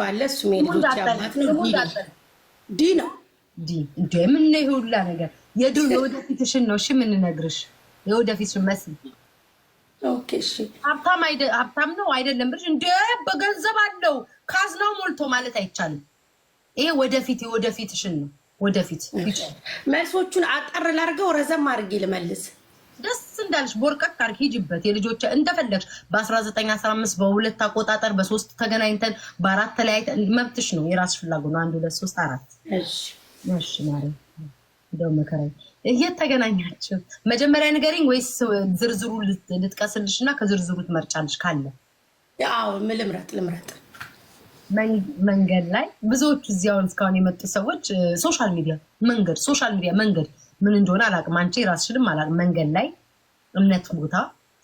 ባለ እሱም የልጆች አባት ነው። ዲ ነው ዲ ምን ነው ይሁላ ነገር የድሮ የወደፊትሽን ነው እሺ የምንነግርሽ የወደፊትሽን መስል ሀብታም ነው አይደለም ብለሽ እንደ በገንዘብ አለው ካዝናው ሞልቶ ማለት አይቻልም። ይሄ ወደፊት የወደፊትሽን ነው ወደፊት መልሶቹን አጠር ላድርገው ረዘም አድርጌ ልመልስ ደስ እንዳለሽ ቦርቀት ታርክ ሂጅበት፣ የልጆች እንደፈለግሽ በ1915 በሁለት አቆጣጠር በሶስት ተገናኝተን በአራት ተለያይተን መብትሽ ነው፣ የራስሽ ፍላጎት ነው። አንድ ሁለት ሶስት አራት ማርያም እንደው መከራ የት ተገናኛችሁ? መጀመሪያ ንገሪኝ ወይስ ዝርዝሩ ልጥቀስልሽ እና ከዝርዝሩ ትመርጫለሽ ካለ? አዎ ልምረጥ ልምረጥ። መንገድ ላይ ብዙዎቹ እዚያውን እስካሁን የመጡ ሰዎች ሶሻል ሚዲያ መንገድ ሶሻል ሚዲያ መንገድ ምን እንደሆነ አላቅም። አንቺ ራስሽንም አላቅም። መንገድ ላይ እምነት ቦታ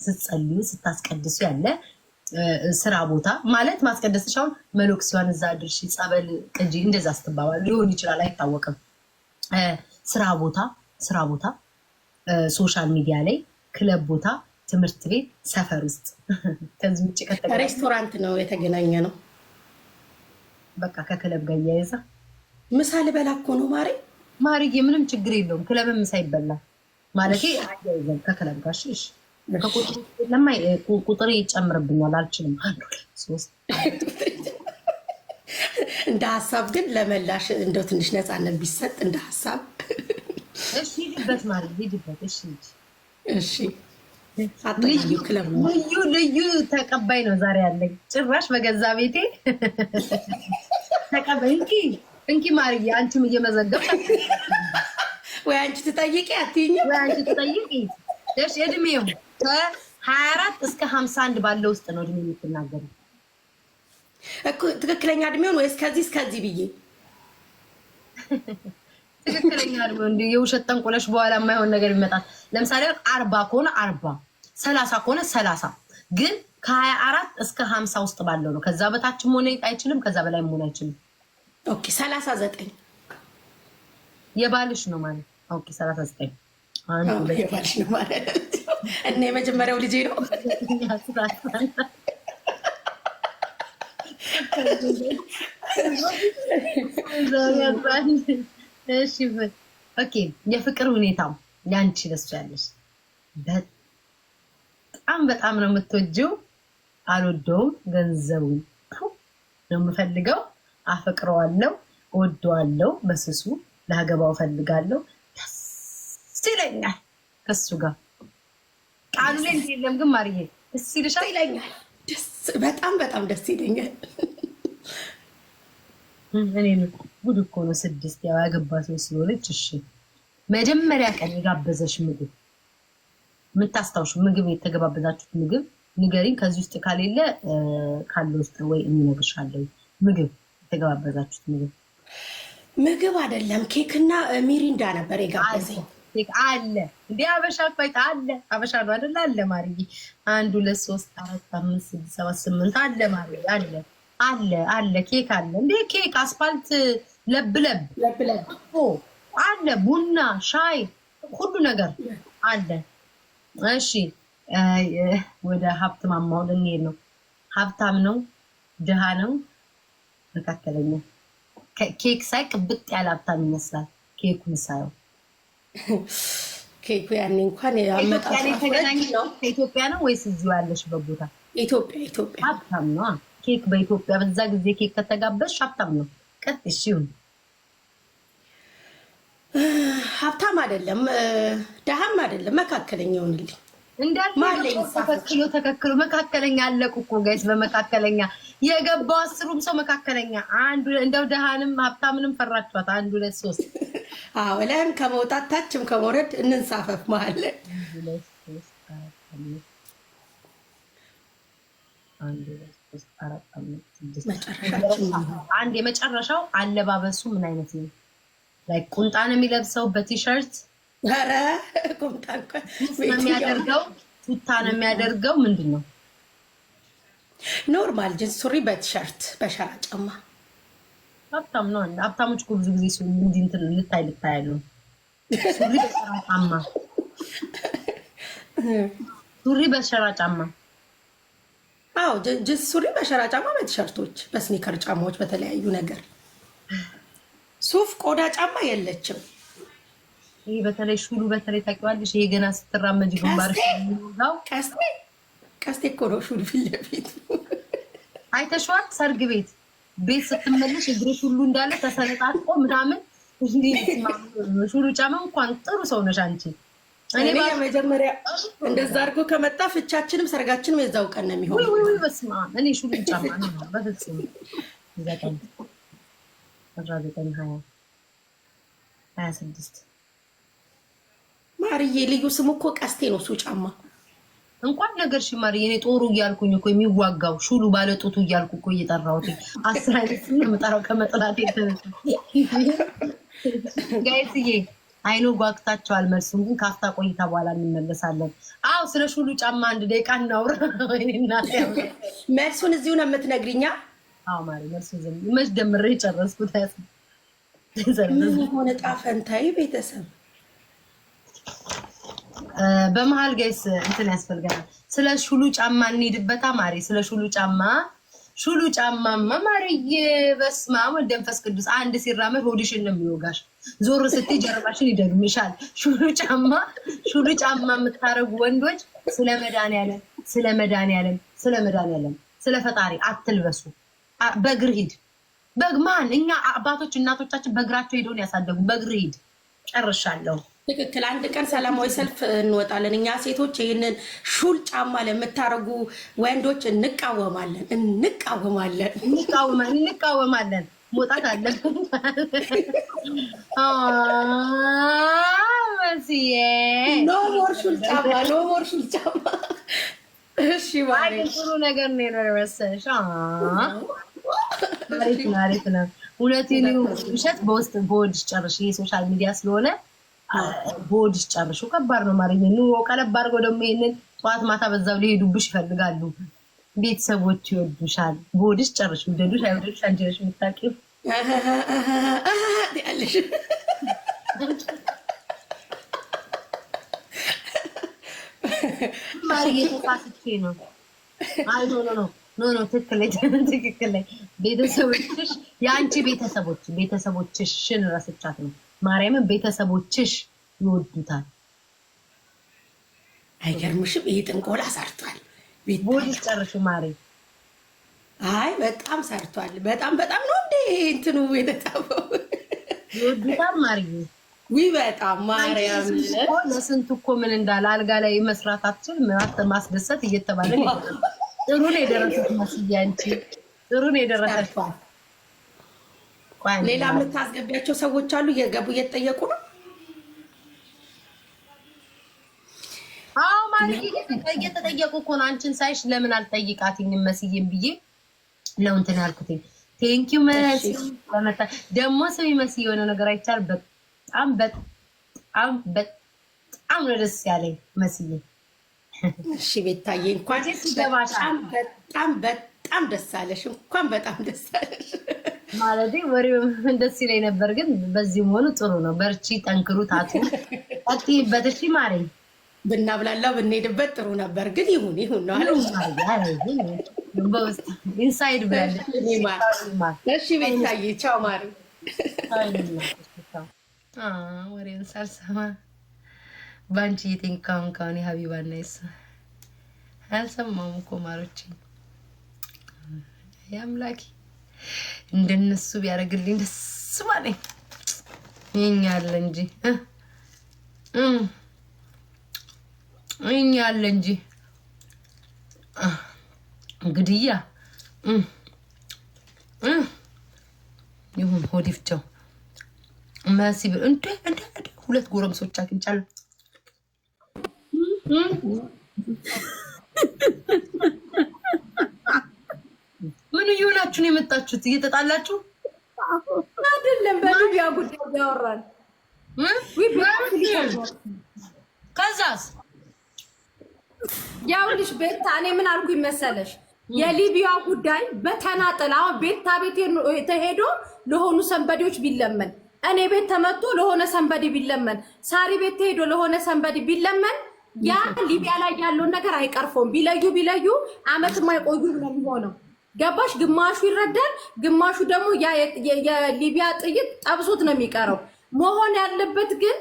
ስትጸልዩ ስታስቀድሱ ያለ ስራ ቦታ ማለት ማስቀደስሽ አሁን መልክ ሲሆን እዛ ድርሽ ጸበል ቅጂ እንደዛ ስትባባል ሊሆን ይችላል፣ አይታወቅም። ስራ ቦታ ስራ ቦታ፣ ሶሻል ሚዲያ ላይ፣ ክለብ ቦታ፣ ትምህርት ቤት፣ ሰፈር ውስጥ ከዚህ ውጭ ሬስቶራንት ነው የተገናኘ ነው። በቃ ከክለብ ጋር እያያይዛ ምሳሌ በላኮ ነው ማሬ ማርዬ ምንም ችግር የለውም። ክለብም ሳይበላ ማለት አያይዘን ከክለብ ጋር እሺ፣ ቁጥር ይጨምርብኛል፣ አልችልም። እንደ ሀሳብ ግን ለመላሽ እንደ ትንሽ ነፃነት ቢሰጥ እንደ ሀሳብ ሂድበት ማለት ሂድበት። እሺ ልዩ ልዩ ተቀባይ ነው ዛሬ ያለኝ። ጭራሽ በገዛ ቤቴ ተቀባይ እንኪ ማርዬ፣ አንቺም እየመዘገብ ወይ አንቺ ትጠይቂ አትይኝ፣ ወይ አንቺ ትጠይቂ ደሽ። እድሜው ከሀያ አራት እስከ ሀምሳ አንድ ባለው ውስጥ ነው እድሜ የምትናገሩ እኮ ትክክለኛ እድሜውን ወይስ ከዚህ እስከዚህ ብዬ ትክክለኛ እድሜው እንዲ የውሸት ጠንቆለሽ በኋላ የማይሆን ነገር ይመጣል። ለምሳሌ አርባ ከሆነ አርባ ሰላሳ ከሆነ ሰላሳ ግን ከሀያ አራት እስከ ሀምሳ ውስጥ ባለው ነው። ከዛ በታች መሆን አይችልም። ከዛ በላይ መሆን አይችልም። ኦኬ ሰላሳ ዘጠኝ የባልሽ ነው ማለት ኦኬ ሰላሳ ዘጠኝ የባልሽ ነው ማለት እና የመጀመሪያው ልጄ ነው የፍቅር ሁኔታው ያንቺ ለሱ ያለሽ በጣም በጣም ነው የምትወጂው። አልወደውም ገንዘቡ ነው የምፈልገው አፈቅረዋለሁ፣ እወደዋለሁ፣ በስሱ ለአገባው ፈልጋለሁ። ደስ ይለኛል ከሱ ጋር ቃሉ ላይ እንዲ የለም ግን ማርዬ ደስ ይልሻል ይለኛል። በጣም በጣም ደስ ይለኛል። እኔ ጉድ እኮ ነው። ስድስት ያው ያገባ ሰው ስለሆነች እሺ፣ መጀመሪያ ቀን የጋበዘሽ ምግብ የምታስታውሹ ምግብ የተገባበዛችሁት ምግብ ንገሪኝ። ከዚህ ውስጥ ከሌለ ካለ ውስጥ ወይ እኔ ምግብ የተገባበዛችሁት ምግብ? ምግብ አይደለም ኬክና ሚሪንዳ ነበር የጋበዘኝ። አለ እንዲ አበሻ ፋይት አለ አበሻ ነው አደለ? አለ ማርዬ፣ አንድ ሁለት ሶስት አራት አምስት ስድስት ሰባት ስምንት አለ ማርዬ፣ አለ አለ አለ ኬክ አለ እንደ ኬክ አስፋልት ለብለብ ለብለብ አለ ቡና፣ ሻይ፣ ሁሉ ነገር አለ። እሺ ወደ ሀብት ማማውን እንሄድ ነው። ሀብታም ነው ድሃ ነው መካከለኛ ኬክ ሳይ ቅብጥ ያለ ሀብታም ይመስላል። ኬኩን ሳየው ኬኩ ያኔ እንኳን ከኢትዮጵያ ነው ወይስ እዚሁ ያለሽ በቦታ ኢትዮጵያ ኢትዮጵያ። ሀብታም ነው ኬክ በኢትዮጵያ በዛ ጊዜ ኬክ ከተጋበዝሽ ሀብታም ነው። ቀጥ እሺ፣ ሀብታም አይደለም፣ ደሃም አይደለም፣ መካከለኛ ይሁንልኝ። እንዳልተከክሎ ተከክሎ መካከለኛ አለቁ እኮ ጋይስ። በመካከለኛ የገባው አስሩም ሰው መካከለኛ አንዱ እንደው ደሃንም ሀብታምንም ፈራችኋት። አንዱ ሁለት ሶስት። አዎ ላይም ከመውጣት ታችም ከመውረድ እንንሳፈፍ መሀል አንድ የመጨረሻው አለባበሱ ምን አይነት ነው? ቁምጣ ነው የሚለብሰው በቲሸርት የሚያደርገው ቱታ ነው የሚያደርገው። ምንድን ነው ኖርማል ጅንስ ሱሪ በቲሸርት በሸራ ጫማ። ሀብታም ነው። ሀብታሞች እኮ ብዙ ጊዜ እንትን ልታይ ልታይ ልታያሉ። ሱሪ በሸራ ጫማ፣ ሱሪ በሸራ ጫማ። አዎ ጅንስ ሱሪ በሸራ ጫማ፣ በቲሸርቶች፣ በስኒከር ጫማዎች፣ በተለያዩ ነገር ሱፍ፣ ቆዳ ጫማ የለችም። ይሄ በተለይ ሹሉ በተለይ ታውቂዋለሽ። ይሄ ገና ስትራመጅ ግንባር ነው። ቀስቴ ቀስቴ እኮ ነው ሹሉ ፊት ለፊት አይተሽዋል። ሰርግ ቤት ቤት ስትመለሽ እግርሽ ሁሉ እንዳለ ተሰነጣጥቆ ምናምን ሹሉ ጫማ እንኳን ጥሩ ሰው ነሽ አንቺ። እኔ መጀመሪያ እንደዛ አድርጎ ከመጣ ፍቻችንም ሰርጋችንም የዛው ቀን ነው የሚሆን። በስመ አብ እኔ ሹሉ ጫማ ነው በፍጹም ዘጠኝ አስራ ዘጠኝ ሀያ ሀያ ስድስት ማርዬ ልዩ ስሙ እኮ ቀስቴ ነው። እሱ ጫማ እንኳን ነገር ሽ ማርዬ፣ እኔ ጦሩ እያልኩኝ እኮ የሚዋጋው ሹሉ ባለጡቱ እያልኩ እኮ እየጠራሁት አስር አይነት የምጠራው ከመጠላት ጋይስዬ አይኖ ጓግታቸዋል። መልሱም ግን ካፍታ ቆይታ በኋላ እንመለሳለን። አዎ ስለ ሹሉ ጫማ አንድ ደቂቃ እናውራ። መልሱን እዚሁ ነው የምትነግሪኛ? አዎ ማሪ መልሱ መች ደምሬ ጨረስኩት። ምን ሆነ ጣፈንታይ ቤተሰብ በመሀል ጋይስ እንትን ያስፈልገናል። ስለ ሹሉ ጫማ እንሂድበታ ማሬ። ስለ ሹሉ ጫማ ሹሉ ጫማማ ማሬዬ፣ በስመ አብ ወልድ መንፈስ ቅዱስ። አንድ ሲራመድ ሆድሽን ነው የሚወጋሽ፣ ዞር ስትይ ጀርባሽን ይደግምሻል። ሹሉ ጫማ ሹሉ ጫማ የምታደርጉ ወንዶች ስለ መድኃኒዓለም ስለ መድኃኒዓለም ስለ መድኃኒዓለም ስለ ፈጣሪ አትልበሱ። በእግር ሂድ። በግ እኛ አባቶች እናቶቻችን በእግራቸው ሄደውን ያሳደጉ። በእግር ሂድ። ጨርሻለሁ። ትክክል። አንድ ቀን ሰላማዊ ሰልፍ እንወጣለን። እኛ ሴቶች ይህንን ሹል ጫማ ለምታደርጉ ወንዶች እንቃወማለን፣ እንቃወማለን፣ እንቃወማለን። መውጣት አለብን። ኖ ሞር ሹል ጫማ፣ ኖ ሞር ሹል ጫማ። እሺ፣ ጥሩ ነገር ነው የመሰለሽ። አሪፍ ነው፣ አሪፍ ነው። እውነቴን ውሸት በውስጥ በወድ ጨርሽ። ይሄ ሶሻል ሚዲያ ስለሆነ በሆድሽ ጨርሹ ከባድ ነው ማርዬ። ኑሮ ቀለብ አድርገው ደግሞ ይሄንን ጠዋት ማታ በዛው ሊሄዱብሽ ይፈልጋሉ። ቤተሰቦች ይወዱሻል። ቦድስ ጨርሽ ውደዱሽ አይወደዱሽ አንቺ ነሽ የምታውቂው። ያለሽ ማርዬ ተሳስቼ ነው። አይ ኖ ኖ ኖ ኖ ኖ ትክክል ቤተሰቦችሽ የአንቺ ቤተሰቦች ቤተሰቦችሽን ረስቻት ነው ማርያምን ቤተሰቦችሽ ይወዱታል። አይገርምሽም? ይህ ጥንቆላ ሰርቷል። ቤት ጨርሽ ማሪ። አይ በጣም ሰርቷል። በጣም በጣም ነው እንደ እንትኑ የተጣበው ይወዱታል ማሪ ዊ በጣም ማርያም ለስንቱ እኮ ምን እንዳለ አልጋ ላይ መስራት አትችል መስራታችን ማስደሰት እየተባለ ጥሩን የደረሰች መስያንቺ ጥሩን የደረሰችል ሌላ የምታስገቢያቸው ሰዎች አሉ፣ እየገቡ እየተጠየቁ ነው። አዎ ማለት እየተጠየቁ እኮ ነው። አንቺን ሳይሽ ለምን አልጠይቃትኝም መስዬም ብዬ ነው እንትን ያልኩትኝ። ቴንኪዩ መሲ። ደግሞ ስሚ መሲ፣ የሆነ ነገር አይቻል። በጣም በጣም በጣም ነው ደስ ያለኝ መስዬ። እሺ ቤታዬ፣ እንኳን በጣም በጣም በጣም ደስ አለሽ። እንኳን በጣም ደስ አለሽ ማለት ወሬው ደስ ይለኝ ነበር፣ ግን በዚህ መሆኑ ጥሩ ነው። በርቺ፣ ጠንክሩ፣ ታቱ ቀጥይበት። እሺ ማሬ፣ ብናብላላ ብንሄድበት ጥሩ ነበር፣ ግን ይሁን ይሁን ነው አለ ኢንሳይድ ብላለሽ። ቤታዬ ቻው ማሪ። ወሬውን ሳልሰማ በአንቺ ቴንካሁን ካሁን የሀቢባ እና ይስ አልሰማሁም እኮ ማሮችኝ አምላኬ እንደነሱ ቢያደርግልኝ ደስ ባለኝ። ይኛ አለ እንጂ ይኛ አለ እንጂ ግድያ ይሁን ሆዲፍቸው መሲ ብሎ እንደ እንደ ሁለት ጎረምሶች አግኝቻለሁ። የመጣችሁት? እየተጣላችሁ አይደለም? በሊቢያ ጉዳይ ያወራል። ከዛስ ያውልሽ ቤታ፣ እኔ ምን አልኩኝ መሰለሽ? የሊቢያ ጉዳይ በተናጠል አሁን ቤታ ቤት ተሄዶ ለሆኑ ሰንበዴዎች ቢለመን፣ እኔ ቤት ተመቶ ለሆነ ሰንበዴ ቢለመን፣ ሳሪ ቤት ተሄዶ ለሆነ ሰንበዴ ቢለመን፣ ያ ሊቢያ ላይ ያለውን ነገር አይቀርፎም። ቢለዩ ቢለዩ አመት የማይቆዩ ነው የሚሆነው። ገባሽ? ግማሹ ይረዳል፣ ግማሹ ደግሞ የሊቢያ ጥይት ጠብሶት ነው የሚቀረው። መሆን ያለበት ግን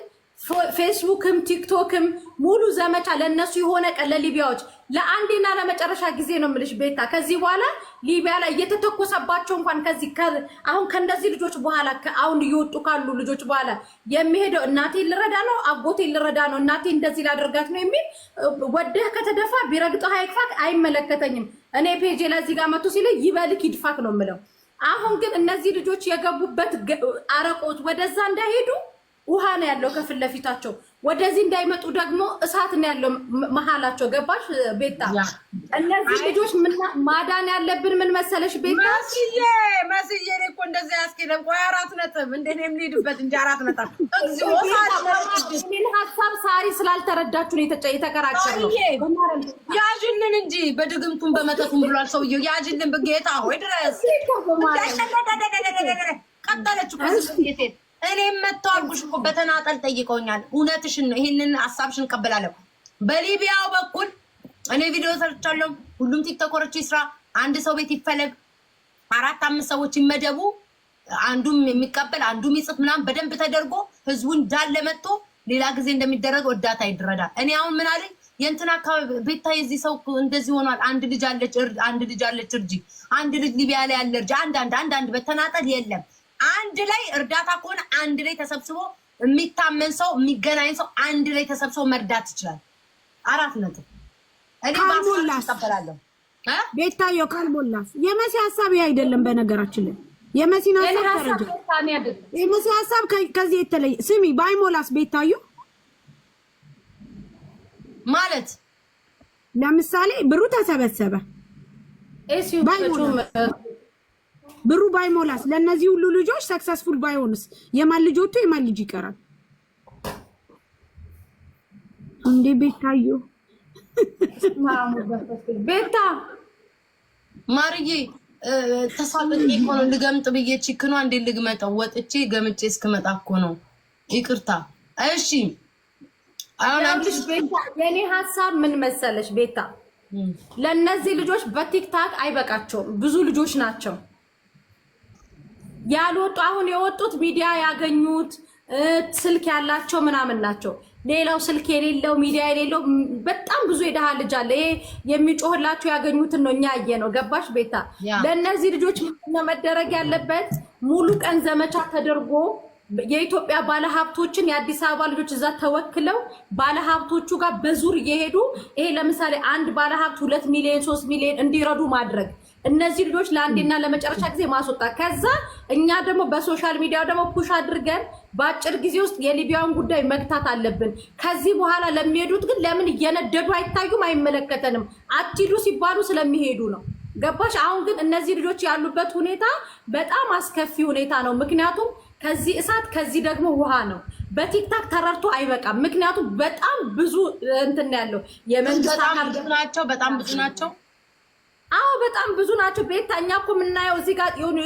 ፌስቡክም ቲክቶክም ሙሉ ዘመቻ ለእነሱ የሆነ ቀን ለሊቢያዎች ለአንዴና ለመጨረሻ ጊዜ ነው የምልሽ ቤታ። ከዚህ በኋላ ሊቢያ ላይ እየተተኮሰባቸው እንኳን ከዚህ አሁን ከእንደዚህ ልጆች በኋላ አሁን እየወጡ ካሉ ልጆች በኋላ የሚሄደው እናቴ ልረዳ ነው፣ አጎቴ ልረዳ ነው፣ እናቴ እንደዚህ ላደርጋት ነው የሚል ወደህ ከተደፋ ቢረግጠ ሀይክፋት አይመለከተኝም እኔ ፔጄ ላይ እዚህ ጋር መቶ ሲል ይበልክ ይድፋክ ነው የምለው። አሁን ግን እነዚህ ልጆች የገቡበት አረቆት ወደዛ እንዳይሄዱ ውሃ ነው ያለው ከፊት ለፊታቸው። ወደዚህ እንዳይመጡ ደግሞ እሳት ነው ያለው መሀላቸው። ገባሽ ቤታ? እነዚህ ልጆች ማዳን ያለብን ምን መሰለሽ ቤታ፣ መስዬ መስዬ እኮ እንደዚህ ያስኬደም ቆይ፣ አራት ነጥብ እንደ እኔ የምንሄድበት እንጂ አራት ነጥብ። ሀሳብ ሳሪ ስላልተረዳችሁ የተከራከር ነው። ያዥልን እንጂ በድግምቱን በመተቱን ብሏል ሰውየው። ያዥልን ብጌታ ሆይ ድረስ ቀጠለች ሴት እኔም መጥተው አልኩሽ እኮ በተናጠል ጠይቀውኛል። እውነትሽን ነው፣ ይህንን ሀሳብሽን እቀበላለሁ። በሊቢያው በኩል እኔ ቪዲዮ ሰርቻለሁ። ሁሉም ቲክቶከሮች ይስራ፣ አንድ ሰው ቤት ይፈለግ፣ አራት አምስት ሰዎች ይመደቡ፣ አንዱም የሚቀበል አንዱም ይጽፍ ምናምን በደንብ ተደርጎ ህዝቡ እንዳለ መጥቶ ሌላ ጊዜ እንደሚደረግ እርዳታ ይደረዳል። እኔ አሁን ምን አለኝ የእንትን አካባቢ ቤታ የዚህ ሰው እንደዚህ ሆኗል። አንድ ልጅ አለች አንድ ልጅ አለች እርጂ አንድ ልጅ ሊቢያ ላይ ያለ እርጂ አንድ አንድ አንድ አንድ በተናጠል የለም አንድ ላይ እርዳታ ከሆነ አንድ ላይ ተሰብስቦ የሚታመን ሰው የሚገናኝ ሰው አንድ ላይ ተሰብስቦ መርዳት ይችላል። አራት ነጥብ። እኔ ባስቀበላለሁ። ካልሞላስ የመሲ ሀሳብ አይደለም። በነገራችን ላይ የመሲን ሀሳብ የመሲ ሀሳብ ከዚህ የተለየ ስሚ። ባይሞላስ ቤታዮ ማለት ለምሳሌ ብሩ ተሰበሰበ ባይሞላስ ብሩ ባይሞላስ ለእነዚህ ሁሉ ልጆች ሰክሰስፉል ባይሆንስ የማን ልጅ ወጥቶ የማን ልጅ ይቀራል? እንዴ ቤታዩ ቤታ ማርዬ ተሳልጥ እኮ ነው ልገምጥ ብዬ ቺክ ነው እንዴ ልግመጠው ወጥቼ ገምጬ እስክመጣ እኮ ነው። ይቅርታ እሺ። የኔ ሀሳብ ምን መሰለሽ ቤታ፣ ለእነዚህ ልጆች በቲክታክ አይበቃቸውም። ብዙ ልጆች ናቸው። ያልወጡ አሁን የወጡት ሚዲያ ያገኙት ስልክ ያላቸው ምናምን ናቸው። ሌላው ስልክ የሌለው ሚዲያ የሌለው በጣም ብዙ የደሃ ልጅ አለ። ይሄ የሚጮህላቸው ያገኙትን ነው። እኛ ያየ ነው። ገባሽ ቤታ? ለእነዚህ ልጆች መደረግ ያለበት ሙሉ ቀን ዘመቻ ተደርጎ የኢትዮጵያ ባለሀብቶችን የአዲስ አበባ ልጆች እዛ ተወክለው ባለሀብቶቹ ጋር በዙር እየሄዱ ይሄ ለምሳሌ አንድ ባለሀብት ሁለት ሚሊዮን ሶስት ሚሊዮን እንዲረዱ ማድረግ እነዚህ ልጆች ለአንዴና ለመጨረሻ ጊዜ ማስወጣ ከዛ እኛ ደግሞ በሶሻል ሚዲያ ደግሞ ፑሽ አድርገን በአጭር ጊዜ ውስጥ የሊቢያውን ጉዳይ መግታት አለብን። ከዚህ በኋላ ለሚሄዱት ግን ለምን እየነደዱ አይታዩም? አይመለከተንም። አትሂዱ ሲባሉ ስለሚሄዱ ነው። ገባሽ? አሁን ግን እነዚህ ልጆች ያሉበት ሁኔታ በጣም አስከፊ ሁኔታ ነው። ምክንያቱም ከዚህ እሳት ከዚህ ደግሞ ውሃ ነው። በቲክታክ ተረድቶ አይበቃም። ምክንያቱም በጣም ብዙ እንትን ያለው የመንግስት ናቸው። በጣም ብዙ ናቸው። አዎ በጣም ብዙ ናቸው። እኛ እኮ የምናየው እዚህ ጋር የሆኑ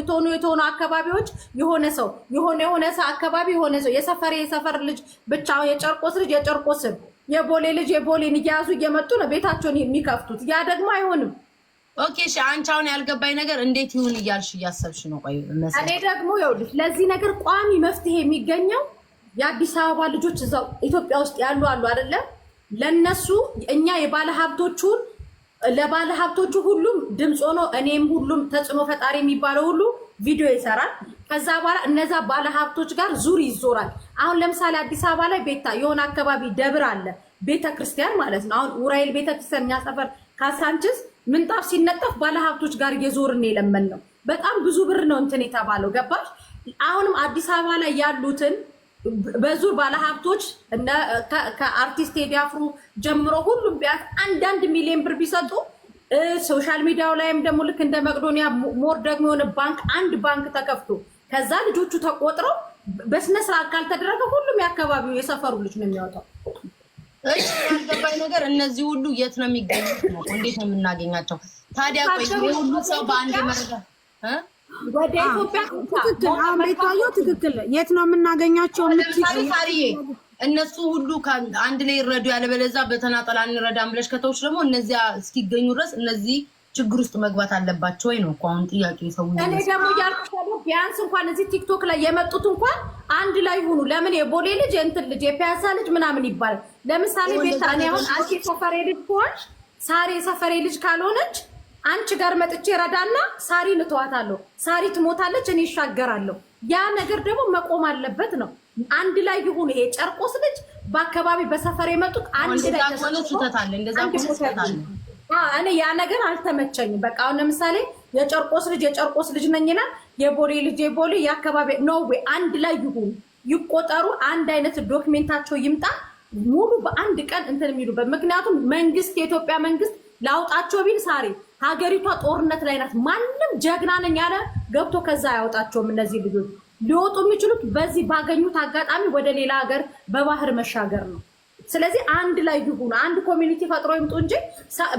የተሆኑ የተሆኑ አካባቢዎች የሆነ ሰው የሆነ የሆነ ሰው አካባቢ የሆነ ሰው የሰፈር የሰፈር ልጅ ብቻ የጨርቆስ ልጅ የጨርቆስን የቦሌ ልጅ የቦሌን እያያዙ እየመጡ ነው ቤታቸውን የሚከፍቱት። ያ ደግሞ አይሆንም። ኦኬ እሺ፣ አንቺ አሁን ያልገባኝ ነገር እንዴት ይሁን እያልሽ እያሰብሽ ነው? ቆይ እኔ ደግሞ ይኸውልሽ ለዚህ ነገር ቋሚ መፍትሄ የሚገኘው የአዲስ አበባ ልጆች እዛው ኢትዮጵያ ውስጥ ያሉ አሉ አይደለም ለነሱ እኛ የባለ ሀብቶቹን ለባለ ሀብቶቹ ሁሉም ድምፅ ሆኖ እኔም ሁሉም ተጽዕኖ ፈጣሪ የሚባለው ሁሉ ቪዲዮ ይሰራል። ከዛ በኋላ እነዛ ባለ ሀብቶች ጋር ዙር ይዞራል። አሁን ለምሳሌ አዲስ አበባ ላይ ቤታ የሆነ አካባቢ ደብር አለ፣ ቤተክርስቲያን ማለት ነው። አሁን ውራኤል ቤተክርስቲያን እኛ ሰፈር ካሳንችስ ምንጣፍ ሲነጠፍ ባለ ሀብቶች ጋር የዞርን የለመን ነው። በጣም ብዙ ብር ነው እንትን የተባለው ገባሽ? አሁንም አዲስ አበባ ላይ ያሉትን በዙር ባለሀብቶች ከአርቲስት ቴዲ አፍሮ ጀምሮ ሁሉም ቢያት አንዳንድ ሚሊዮን ብር ቢሰጡ ሶሻል ሚዲያው ላይም ደግሞ ልክ እንደ መቅዶኒያ ሞር ደግሞ የሆነ ባንክ አንድ ባንክ ተከፍቶ ከዛ ልጆቹ ተቆጥረው በስነስርዓት ካልተደረገ ሁሉም የአካባቢው የሰፈሩ ልጅ ነው የሚያወጣው። ያልገባኝ ነገር እነዚህ ሁሉ የት ነው የሚገኙት? ነው እንዴት ነው የምናገኛቸው ታዲያ? ሁሉ ሰው በአንድ መረጃ ወደ ኢትዮጵያ ትክክል። የት ነው የምናገኛቸው? እነሱ ሁሉ አንድ ላይ ይረዱ፣ ያለበለዚያ በተናጠላ እንረዳም ብለሽ ከተውሽ ደግሞ እነዚያ እስኪገኙ ድረስ እነዚህ ችግር ውስጥ መግባት አለባቸው ወይ ነው እኮ አሁን ጥያቄ። ሰው እኔ ደግሞ ያልኩሽ ቢያንስ እንኳን እዚህ ቲክቶክ ላይ የመጡት እንኳን አንድ ላይ ሁኑ። ለምን የቦሌ ልጅ የእንትን ልጅ የፒያሳ ልጅ ምናምን ይባላል። ለምሳሌ ቤታ እኔ አሁን አንቺ ሰፈሬ ልጅ ከሆንሽ ሳሪ የሰፈሬ ልጅ ካልሆነች አንቺ ጋር መጥቼ ረዳና ሳሪን እተዋታለሁ። ሳሪ ትሞታለች፣ እኔ ይሻገራለሁ። ያ ነገር ደግሞ መቆም አለበት ነው። አንድ ላይ ይሁን። ይሄ ጨርቆስ ልጅ በአካባቢ በሰፈር የመጡት አንድ ላይ እኔ ያ ነገር አልተመቸኝም። በቃ አሁን ለምሳሌ የጨርቆስ ልጅ የጨርቆስ ልጅ ነኝና የቦሌ ልጅ የቦሌ የአካባቢ ነው። አንድ ላይ ይሁን፣ ይቆጠሩ፣ አንድ አይነት ዶክሜንታቸው ይምጣ። ሙሉ በአንድ ቀን እንትን የሚሉበት ምክንያቱም መንግስት የኢትዮጵያ መንግስት ላውጣቸው ቢል ሳሬ ሀገሪቷ ጦርነት ላይ ናት። ማንም ጀግና ነኝ ያለ ገብቶ ከዛ አያወጣቸውም። እነዚህ ልጆች ሊወጡ የሚችሉት በዚህ ባገኙት አጋጣሚ ወደ ሌላ ሀገር በባህር መሻገር ነው። ስለዚህ አንድ ላይ ይሁኑ፣ አንድ ኮሚኒቲ ፈጥሮ ይምጡ እንጂ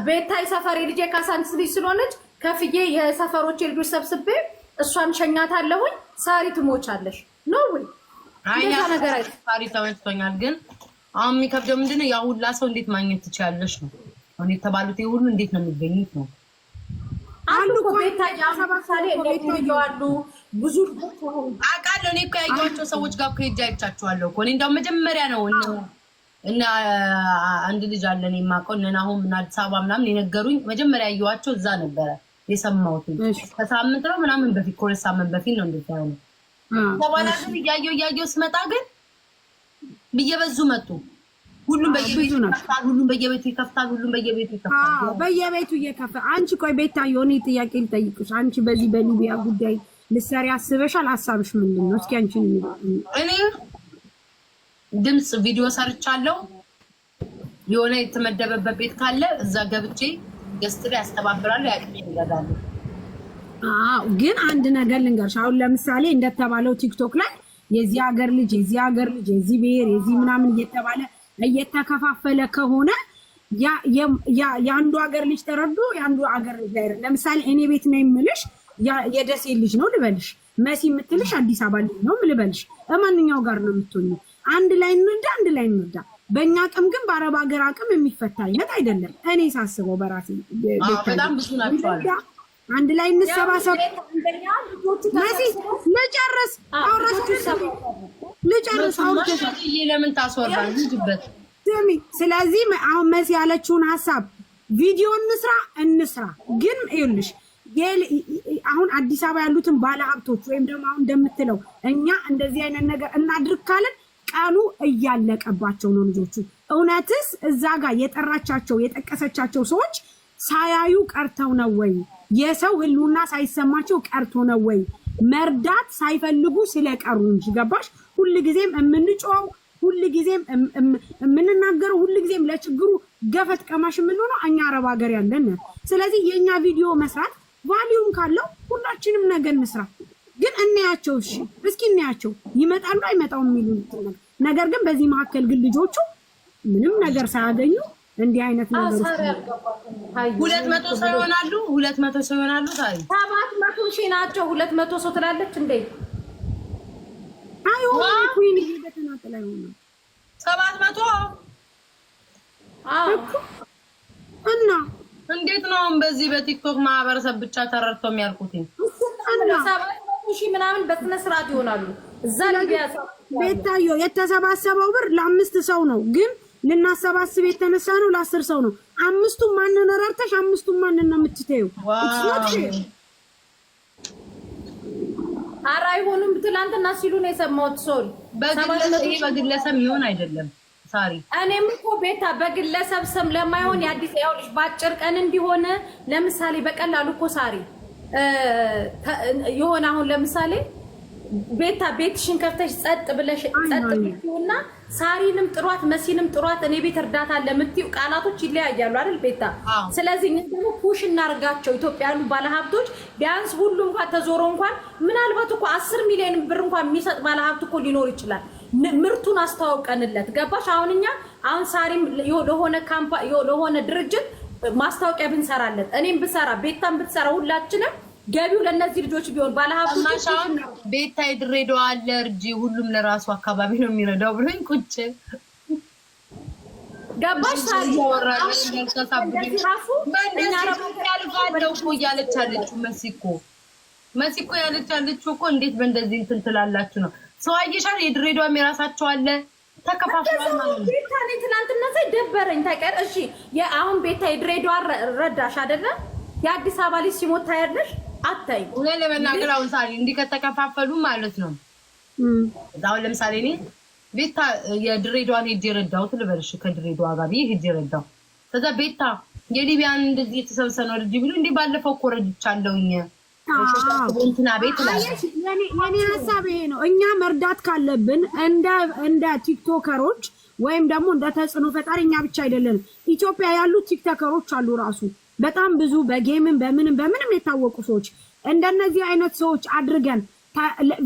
ቤታይ ሰፈር ልጄ ካሳንስ ልጅ ስለሆነች ከፍዬ የሰፈሮች ልጆች ሰብስቤ እሷን ሸኛታለሁኝ። ሳሪ ትሞቻለሽ ነው ወይ? እንደዛ ነገር አይ ሳሪ ተመችቶኛል። ግን አሁን የሚከብደው ምንድነው? ያ ሁላ ሰው እንዴት ማግኘት ትችያለሽ ነው አሁን የተባሉት ሁሉ እንዴት ነው የሚገኙት ነው አንዱ እኮ ቤታዬ አሁን እንዴት ነው እየዋሉ ብዙ አውቃለሁ። እኔ እኮ ያየኋቸው ሰዎች ጋር እኮ ሄጄ አይቻችኋለሁ እኮ እኔ እንደውም መጀመሪያ ነው እና አንድ ልጅ አለ እኔ የማውቀው እነ ናሆም እና አዲስ አበባ ምናምን የነገሩኝ መጀመሪያ ያየኋቸው እዛ ነበረ የሰማሁት ከሳምንት ነው ምናምን በፊት ከሁለት ሳምንት በፊት ነው እንደዛ ነው። በኋላ ግን እያየሁ እያየሁ ስመጣ ግን ብየበዙ መጡ ሁሉም በየቤቱ ይከፍታል። ሁሉም በየቤቱ ይከፍታል። ሁሉም በየቤቱ ይከፍታል። አዎ በየቤቱ እየከፈ አንቺ ቆይ ቤታዬ እኔ ጥያቄ ልጠይቅሽ። አንቺ በዚህ በሊቢያ ጉዳይ ልትሰሪ አስበሻል? ሀሳብሽ ምንድን ነው? እስኪ አንቺ እኔ ድምፅ ቪዲዮ ሰርቻለሁ። የሆነ የተመደበበት ቤት ካለ እዛ ገብቼ ገስት ላይ አስተባብራለሁ። ያቅሜ ይረዳሉ። ግን አንድ ነገር ልንገርሽ። አሁን ለምሳሌ እንደተባለው ቲክቶክ ላይ የዚህ ሀገር ልጅ የዚህ ሀገር ልጅ የዚህ ብሔር የዚህ ምናምን እየተባለ እየተከፋፈለ ከሆነ የአንዱ ሀገር ልጅ ተረዶ የአንዱ ሀገር ልጅ ለምሳሌ እኔ ቤት ነው የምልሽ የደሴ ልጅ ነው ልበልሽ፣ መሲ የምትልሽ አዲስ አበባ ልጅ ነው ልበልሽ፣ በማንኛው ጋር ነው የምትሆኙ? አንድ ላይ እንርዳ፣ አንድ ላይ እንርዳ። በእኛ አቅም ግን በአረብ ሀገር አቅም የሚፈታ አይነት አይደለም። እኔ ሳስበው በራሴ በጣም ብዙ ናቸዋል አንድ ላይ እንሰባሰብ። ልጨርስ አውረስኩሽ ልጨርስ አውርሽ ለምን ታስወራል? ልጅበት ስሚ። ስለዚህ አሁን መሲ ያለችውን ሀሳብ ቪዲዮ እንስራ እንስራ። ግን ይኸውልሽ አሁን አዲስ አበባ ያሉትን ባለሀብቶች ወይም ደግሞ አሁን እንደምትለው እኛ እንደዚህ አይነት ነገር እናድርግ ካለን ቀኑ እያለቀባቸው ነው ልጆቹ። እውነትስ እዛ ጋር የጠራቻቸው የጠቀሰቻቸው ሰዎች ሳያዩ ቀርተው ነው ወይ? የሰው ህሉና ሳይሰማቸው ቀርቶ ነው ወይ? መርዳት ሳይፈልጉ ስለቀሩ እንጂ ገባሽ? ጊዜም የምንጮው ጊዜም የምንናገረው ጊዜም ለችግሩ ገፈት ቀማሽ የምንሆነው እኛ አረብ ሀገር ያለን ስለዚህ የእኛ ቪዲዮ መስራት ቫሊዩም ካለው ሁላችንም ነገር እንስራ። ግን እናያቸው፣ እሺ እስኪ እናያቸው ይመጣሉ አይመጣውም የሚሉ ነገር ግን በዚህ መካከል ግን ልጆቹ ምንም ነገር ሳያገኙ እንዲህ አይነት ነገር ሁለት መቶ ሰው ይሆናሉ። ሁለት መቶ ሰው ይሆናሉ። ሰባት መቶ ሺ ናቸው። ሁለት መቶ ሰው ትላለች እንዴ? አይሆንም። ኩይን በተናጠል አይሆንም። ሰባት መቶ እና እንዴት ነው በዚህ በቲክቶክ ማህበረሰብ ብቻ ተረድተው የሚያልቁት? ሰባት መቶ ሺህ ምናምን በስነ ስርዓት ይሆናሉ። እዛ ቤታዮ የተሰባሰበው ብር ለአምስት ሰው ነው ግን ልናሰባስብ የተነሳ ነው። ለአስር ሰው ነው። አምስቱም ማንን ረርተሽ አምስቱም ማንን ነው የምትተዩ? አራ አይሆንም። ትላንትና ሲሉ ነው የሰማሁት። ሶል በግለሰብ ይሆን አይደለም ሳሪ እኔም እኮ ቤታ በግለሰብ ስም ለማይሆን የአዲስ ያውልሽ በአጭር ቀን እንዲሆነ ለምሳሌ በቀላሉ እኮ ሳሪ የሆነ አሁን ለምሳሌ ቤታ ቤትሽን ከፍተሽ ጸጥ ብለሽ ጸጥ ብለሽና ሳሪንም ጥሯት መሲንም ጥሯት እኔ ቤት እርዳታ ለምትዩ ቃላቶች ይለያያሉ አይደል ቤታ ስለዚህ እኛ ደግሞ ፑሽ እናርጋቸው ኢትዮጵያ ያሉ ባለሀብቶች ቢያንስ ሁሉ እንኳን ተዞሮ እንኳን ምናልባት እኮ አስር ሚሊዮን ብር እንኳን የሚሰጥ ባለሀብት እኮ ሊኖር ይችላል ምርቱን አስተዋውቀንለት ገባሽ አሁን እኛ አሁን ሳሪም ለሆነ ካምፓ ለሆነ ድርጅት ማስታወቂያ ብንሰራለት እኔም ብሰራ ቤታም ብትሰራ ሁላችንም ገቢው ለእነዚህ ልጆች ቢሆን ባለሀብቶችን ቤታይ ድሬዳዋ አለ እርጂ ሁሉም ለራሱ አካባቢ ነው የሚረዳው ብሎኝ ቁጭ ገባሽ ታሪራፉያልባለው እያለች አለችው። መሲኮ መሲኮ ያለች አለችው እኮ እንዴት በእንደዚህ እንትን ትላላችሁ ነው ሰው አየሻል። የድሬዳዋም የራሳቸው አለ ተከፋፍሏል ትናንትና ሳይ ደበረኝ ተቀር እሺ የአሁን ቤታ የድሬዳዋ ረዳሽ አይደለም የአዲስ አበባ ልጅ ሲሞት ታያለሽ። አታይ እውነት ለመናገር አሁን ሳሪ እንዲህ ከተከፋፈሉ ማለት ነው። አሁን ለምሳሌ እኔ ቤታ የድሬዳዋን ሄጅ የረዳሁት ልበልሽ ከድሬዳዋ ጋር ሄጅ ከዛ ቤታ የሊቢያን እንደዚህ እንዲህ ባለፈው እኮ ረድቻለሁኝ ቤት የኔ ሀሳብ ይሄ ነው። እኛ መርዳት ካለብን እንደ ቲክቶከሮች ወይም ደግሞ እንደ ተጽዕኖ ፈጣሪ እኛ ብቻ አይደለንም። ኢትዮጵያ ያሉ ቲክቶከሮች አሉ ራሱ በጣም ብዙ በጌምን በምንም በምንም የታወቁ ሰዎች እንደነዚህ አይነት ሰዎች አድርገን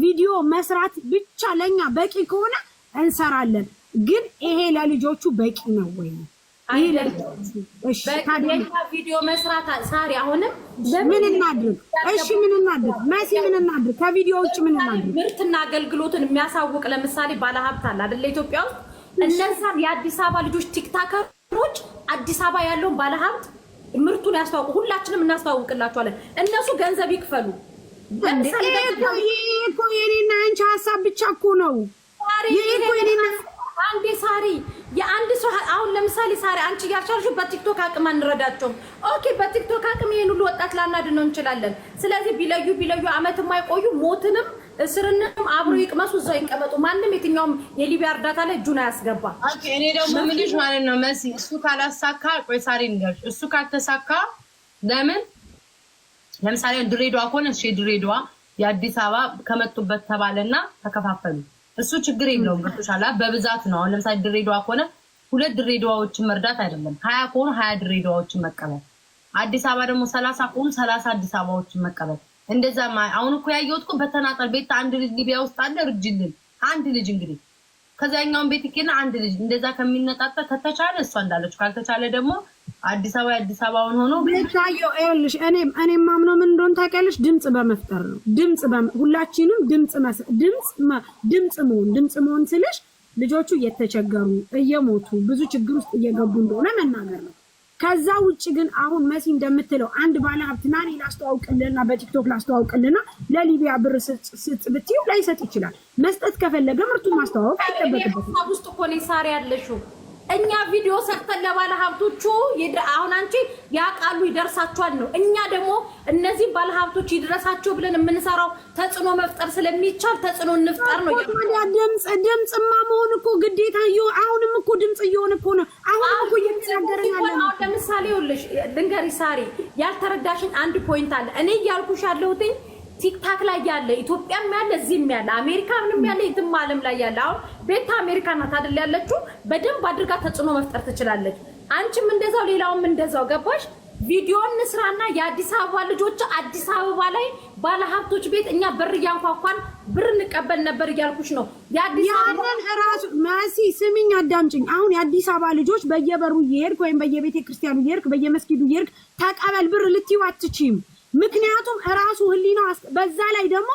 ቪዲዮ መስራት ብቻ ለኛ በቂ ከሆነ እንሰራለን። ግን ይሄ ለልጆቹ በቂ ነው ወይ? ቪዲዮ መስራት ሳሪ፣ አሁንም ምን እናድርግ? እሺ ምን እናድርግ? መሲ ምን እናድርግ? ከቪዲዮ ውጭ ምን እናድርግ? ምርትና አገልግሎትን የሚያሳውቅ ለምሳሌ ባለሀብት አለ አደለ? ኢትዮጵያ ውስጥ እነዛን የአዲስ አበባ ልጆች ቲክታከሮች አዲስ አበባ ያለውን ባለሀብት ምርቱን ያስተዋውቁ፣ ሁላችንም እናስተዋውቅላቸዋለን። እነሱ ገንዘብ ይክፈሉ። የኔና አንቺ ሀሳብ ብቻ እኮ ነው። አንዴ ሳሪ፣ የአንድ ሰው አሁን ለምሳሌ ሳሪ፣ አንቺ ያልቻልሹ በቲክቶክ አቅም አንረዳቸውም። ኦኬ፣ በቲክቶክ አቅም ይህን ሁሉ ወጣት ላናድነው እንችላለን። ስለዚህ ቢለዩ ቢለዩ አመት የማይቆዩ ሞትንም እስርነቱም አብሮ ይቅመሱ፣ እዛው ይቀመጡ። ማንም የትኛውም የሊቢያ እርዳታ ላይ እጁን አያስገባ። እኔ ደግሞ ምንሽ ማለት ነው መሲ፣ እሱ ካላሳካ ቆይ ሳሪ ንገር፣ እሱ ካልተሳካ ለምን ለምሳሌ ድሬዳዋ ከሆነ እሺ፣ ድሬዳዋ የአዲስ አበባ ከመጡበት ተባለና ተከፋፈሉ። እሱ ችግር የለውም ገብቶሻል። በብዛት ነው። አሁን ለምሳሌ ድሬዳዋ ከሆነ ሁለት ድሬዳዋዎችን መርዳት አይደለም፣ ሀያ ከሆኑ ሀያ ድሬዳዋዎችን መቀበል። አዲስ አበባ ደግሞ ሰላሳ ከሆኑ ሰላሳ አዲስ አበባዎችን መቀበል እንደዛ አሁን እኮ ያየሁት እኮ በተናጠል ቤት አንድ ልጅ ሊቢያ ውስጥ አለ እርጅልን አንድ ልጅ እንግዲህ ከዛኛውን ቤት ኬና አንድ ልጅ እንደዛ ከሚነጣጠር ከተቻለ እሷ እንዳለች ካልተቻለ ደግሞ አዲስ አበባ የአዲስ አበባውን ሆኖ ቤታየው ይኸውልሽ፣ እኔም እኔም ማምነው ምን እንደሆን ታውቂያለሽ? ድምፅ በመፍጠር ነው። ድምፅ ሁላችንም ድምፅ ድምፅ ድምፅ መሆን ድምፅ መሆን ስልሽ ልጆቹ እየተቸገሩ እየሞቱ ብዙ ችግር ውስጥ እየገቡ እንደሆነ መናገር ነው። ከዛ ውጭ ግን አሁን መሲ እንደምትለው አንድ ባለ ሀብትና እኔ ላስተዋውቅልና በቲክቶክ ላስተዋውቅልና ለሊቢያ ብር ስጥ ብትይው ላይሰጥ ይችላል። መስጠት ከፈለገ ምርቱን ማስተዋወቅ አይጠበቅበትም። ውስጥ እኮ ነው ሳሪ ያለሽው እኛ ቪዲዮ ሰርተን ለባለ ሀብቶቹ አሁን አንቺ ያ ቃሉ ይደርሳቸዋል ነው። እኛ ደግሞ እነዚህ ባለ ሀብቶች ይድረሳቸው ብለን የምንሰራው ተጽዕኖ መፍጠር ስለሚቻል ተጽዕኖ እንፍጠር ነው። ድምፅ ድምፅማ መሆን እኮ ግዴታ አሁንም እኮ ድምፅ እየሆን እኮ ነው። አሁን እኮ ለምሳሌ ልሽ ድንገሪ ሳሪ ያልተረዳሽን አንድ ፖይንት አለ እኔ እያልኩሽ ያለሁትኝ ቲክታክ ላይ ያለ ኢትዮጵያም ያለ እዚህም ያለ አሜሪካንም ያለ የትም ዓለም ላይ ያለ አሁን ቤታ አሜሪካ ናት አይደል ያለችው፣ በደንብ አድርጋ ተጽዕኖ መፍጠር ትችላለች። አንቺም እንደዛው፣ ሌላውም እንደዛው። ገባሽ? ቪዲዮን ስራና የአዲስ አበባ ልጆች አዲስ አበባ ላይ ባለሀብቶች ቤት እኛ በር እያንኳኳን ብር እንቀበል ነበር እያልኩሽ ነው። ያንን ራሱ መሲ ስሚኝ፣ አዳምጭኝ። አሁን የአዲስ አበባ ልጆች በየበሩ እየሄድክ ወይም በየቤተ ክርስቲያኑ እየሄድክ በየመስጊዱ እየሄድክ ተቀበል ብር ልትይው አትችይም። ምክንያቱም እራሱ ህሊና በዛ ላይ ደግሞ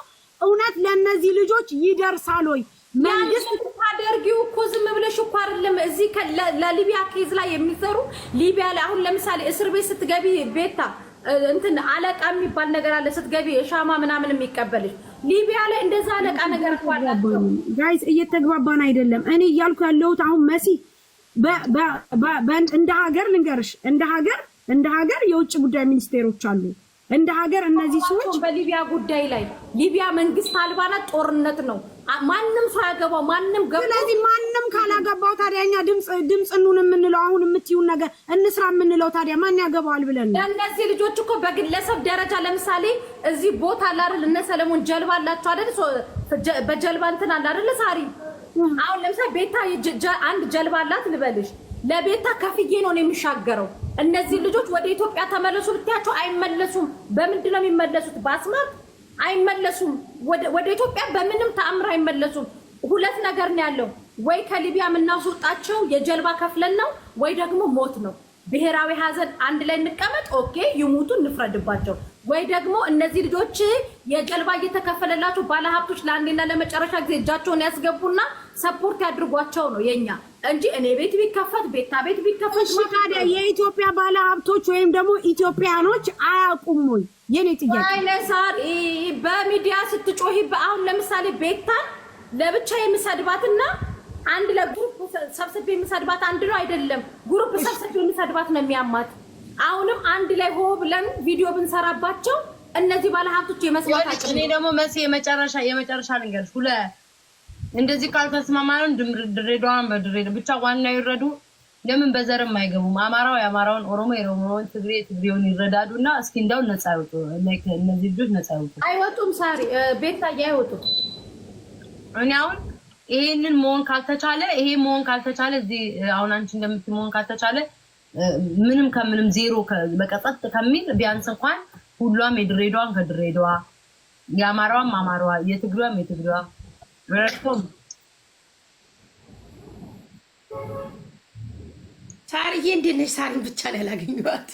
እውነት ለእነዚህ ልጆች ይደርሳል ወይ? መንግስት ታደርጊው እኮ ዝም ብለሽ እኮ አይደለም። እዚህ ለሊቢያ ኬዝ ላይ የሚሰሩ ሊቢያ ላይ አሁን ለምሳሌ እስር ቤት ስትገቢ ቤታ እንትን አለቃ የሚባል ነገር አለ። ስትገቢ የሻማ ምናምን የሚቀበልሽ ሊቢያ ላይ እንደዛ አለቃ ነገር እኮ አላቸው። ጋይስ እየተግባባን አይደለም። እኔ እያልኩ ያለሁት አሁን መሲ እንደ ሀገር ልንገርሽ፣ እንደ ሀገር እንደ ሀገር የውጭ ጉዳይ ሚኒስቴሮች አሉ እንደ ሀገር እነዚህ ሰዎች በሊቢያ ጉዳይ ላይ ሊቢያ መንግስት አልባ ጦርነት ነው። ማንም ሳያገባው ማንም ገባ። ስለዚህ ማንም ካላገባው ታዲያ እኛ ድምፅ ድምፅ ኑን የምንለው አሁን የምትዩን ነገር እንስራ የምንለው ታዲያ ማን ያገባዋል ብለን ነው። እነዚህ ልጆች እኮ በግለሰብ ደረጃ ለምሳሌ እዚህ ቦታ አላደል እነ ሰለሞን ጀልባ አላቸው አደል፣ በጀልባ እንትን አለ አደለ ሳሪ። አሁን ለምሳሌ ቤታ አንድ ጀልባ አላት ልበልሽ ለቤታ ከፍዬ ነው የሚሻገረው። እነዚህ ልጆች ወደ ኢትዮጵያ ተመለሱ ብትያቸው አይመለሱም። በምንድን ነው የሚመለሱት? በአስማት አይመለሱም። ወደ ኢትዮጵያ በምንም ተአምር አይመለሱም። ሁለት ነገር ነው ያለው፣ ወይ ከሊቢያ የምናስወጣቸው የጀልባ ከፍለን ነው፣ ወይ ደግሞ ሞት ነው። ብሔራዊ ሀዘን አንድ ላይ እንቀመጥ፣ ኦኬ፣ ይሙቱ፣ እንፍረድባቸው። ወይ ደግሞ እነዚህ ልጆች የጀልባ እየተከፈለላቸው ባለሀብቶች ለአንዴና ለመጨረሻ ጊዜ እጃቸውን ያስገቡና ሰፖርት ያድርጓቸው ነው የኛ እንጂ እኔ ቤት ቢከፈት ቤታ ቤት ቢከፈት ታዲያ የኢትዮጵያ ባለሀብቶች ወይም ደግሞ ኢትዮጵያኖች አያውቁም ወይ? የኔ ጥያቄ በሚዲያ ስትጮሂ በአሁን ለምሳሌ ቤታን ለብቻ የምሰድባትና አንድ ለግሩፕ ሰብስቤ የምሰድባት አንድ ነው አይደለም። ግሩፕ ሰብስቤ የምሰድባት ነው የሚያማት አሁንም አንድ ላይ ሆ ብለን ቪዲዮ ብንሰራባቸው እነዚህ ባለሀብቶች የመስማታቸው እኔ ደግሞ መስ የመጨረሻ የመጨረሻ ነገር ሁለ እንደዚህ ካልተስማማን ድሬዳዋን በድሬዳ ብቻ ዋና ይረዱ። ለምን በዘርም አይገቡም? አማራው የአማራውን፣ ኦሮሞ የኦሮሞውን፣ ትግሬ ትግሬውን ይረዳዱ እና እስኪ እንደው ነፃ ይወጡ። እነዚህ ልጆች ነፃ ይወጡ። አይወጡም። ሳሪ ቤታዬ አይወጡም። እኔ አሁን ይሄንን መሆን ካልተቻለ ይሄ መሆን ካልተቻለ እዚህ አሁን አንቺ እንደምትል መሆን ካልተቻለ ምንም ከምንም ዜሮ በቀጠጥ ከሚል ቢያንስ እንኳን ሁሏም የድሬዳዋን ከድሬዳዋ የአማራዋም አማራዋ የትግሯም የትግሯ ረድቶም ሳርዬ እንዴት ነሽ? ሳሪን ብቻ ነው ያላገኘኋት።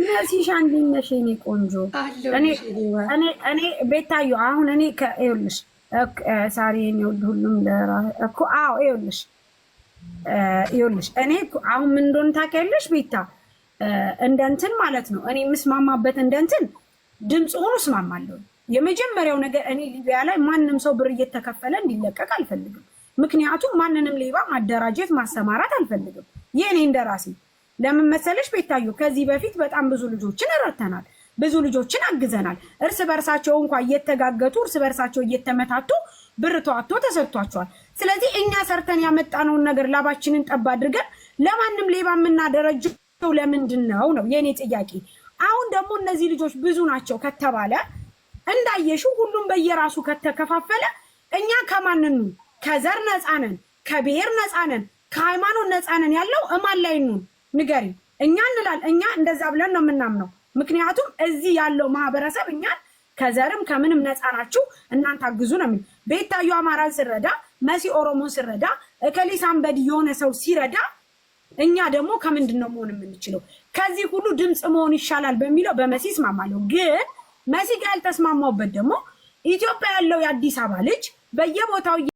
ነሲሽ አንደኝ ነሽ የእኔ ቆንጆ። እኔ ቤታዩ አሁን እኔ ይኸውልሽ ሳሪ ሁሉም እኮ አዎ ይኸውልሽ ይኸውልሽ እኔ አሁን ምን እንደሆነ ታውቂያለሽ ቤታ፣ እንደንትን ማለት ነው እኔ የምስማማበት እንደንትን ድምፅ ሆኖ እስማማለሁ። የመጀመሪያው ነገር እኔ ሊቢያ ላይ ማንም ሰው ብር እየተከፈለ እንዲለቀቅ አልፈልግም። ምክንያቱም ማንንም ሌባ ማደራጀት ማሰማራት አልፈልግም። ይህኔ እኔ እንደራሴ ለምን መሰለሽ ከዚህ በፊት በጣም ብዙ ልጆችን እረተናል ብዙ ልጆችን አግዘናል። እርስ በርሳቸው እንኳ እየተጋገቱ እርስ በርሳቸው እየተመታቱ ብር ተዋቶ ተሰጥቷቸዋል። ስለዚህ እኛ ሰርተን ያመጣነውን ነገር ላባችንን ጠብ አድርገን ለማንም ሌባ የምናደረጀው ለምንድን ነው ነው የእኔ ጥያቄ። አሁን ደግሞ እነዚህ ልጆች ብዙ ናቸው ከተባለ እንዳየሽው ሁሉም በየራሱ ከተከፋፈለ እኛ ከማንኑ ከዘር ነፃነን፣ ከብሔር ነፃነን፣ ከሃይማኖት ነፃነን ያለው እማን ላይ ኑን ንገሪ። እኛ እንላል እኛ እንደዛ ብለን ነው የምናምነው። ምክንያቱም እዚህ ያለው ማህበረሰብ እኛን ከዘርም ከምንም ነፃ ናችሁ እናንተ አግዙ ነው የሚል ቤታዩ አማራን ስረዳ፣ መሲ ኦሮሞን ስረዳ፣ እከሌ ሳምበዲ የሆነ ሰው ሲረዳ እኛ ደግሞ ከምንድን ነው መሆን የምንችለው? ከዚህ ሁሉ ድምፅ መሆን ይሻላል በሚለው በመሲ እስማማለሁ። ግን መሲ ጋር ያልተስማማውበት ደግሞ ኢትዮጵያ ያለው የአዲስ አበባ ልጅ በየቦታው